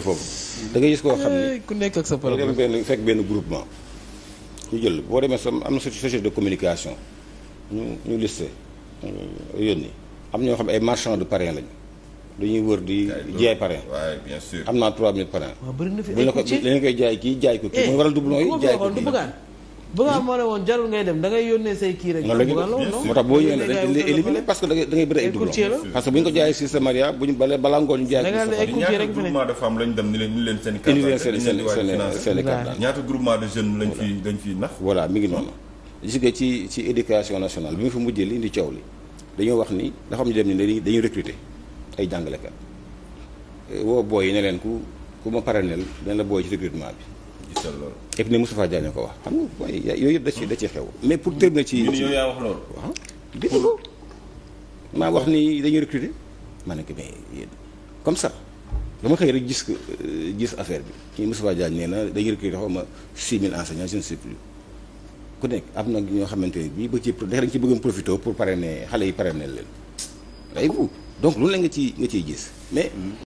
te foofu. da ngay gis koo xam ne eh, ku nekk ak sa problème benn fekk benn groupement. ñu jël boo demee sa am na société de communication ñu ñu yoon euh, yónni am ñoo xam ay marchand de parrain lañu dañuy wër di jaay parrain. waaw am naa 3000 parrain. waaw bëri bu ñu la koy jaay kii jaay ko kii. Eh, mooy waral doublon yi jaay ko kii Bougane moo ne woon jarul ngay dem da ngay yónnee say kii rek. loolu moo tax boo yónnee dañ lay éliminer que da ngay da ngay bëri ay doublon parce que bu ñu ko jaayee ci sa maria bu ñu balee balaa ngoon ñu jaay ci ñaata groupement de femmes lañ dem ni leen ni leen seen carte ngi noonu gis nga ci ci éducation nationale bi mu fi mujjee li indi coow li dañoo wax ni dafa am ñu dem ni dañuy recruter ay jàngalekat eh, woo booy yi ne leen ku ku ma paranel dañ la booy ci recrutement bi gisal loolu. et puis ne Moustapha Diagne ko wax xam nga waaye yooyu yëpp da ci da ci xew. mais pour terminer ci. ñun yow yaa wax loolu. waaw ah, dégg nga maa wax nii dañuy recruter maa ne ko mais yéen comme ça dama xëy rek gis euh, gis affaire bi kii Moustapha Diagne nee na dañuy recruter xaw ma 6000 enseignants je ne sais plus. ku nekk am na ñoo xamante ne bii ba ci dañ ci bëgg a profité pour parrainer xale yi parrainer leen. day donc loolu la nga ci nga ciy gis mais.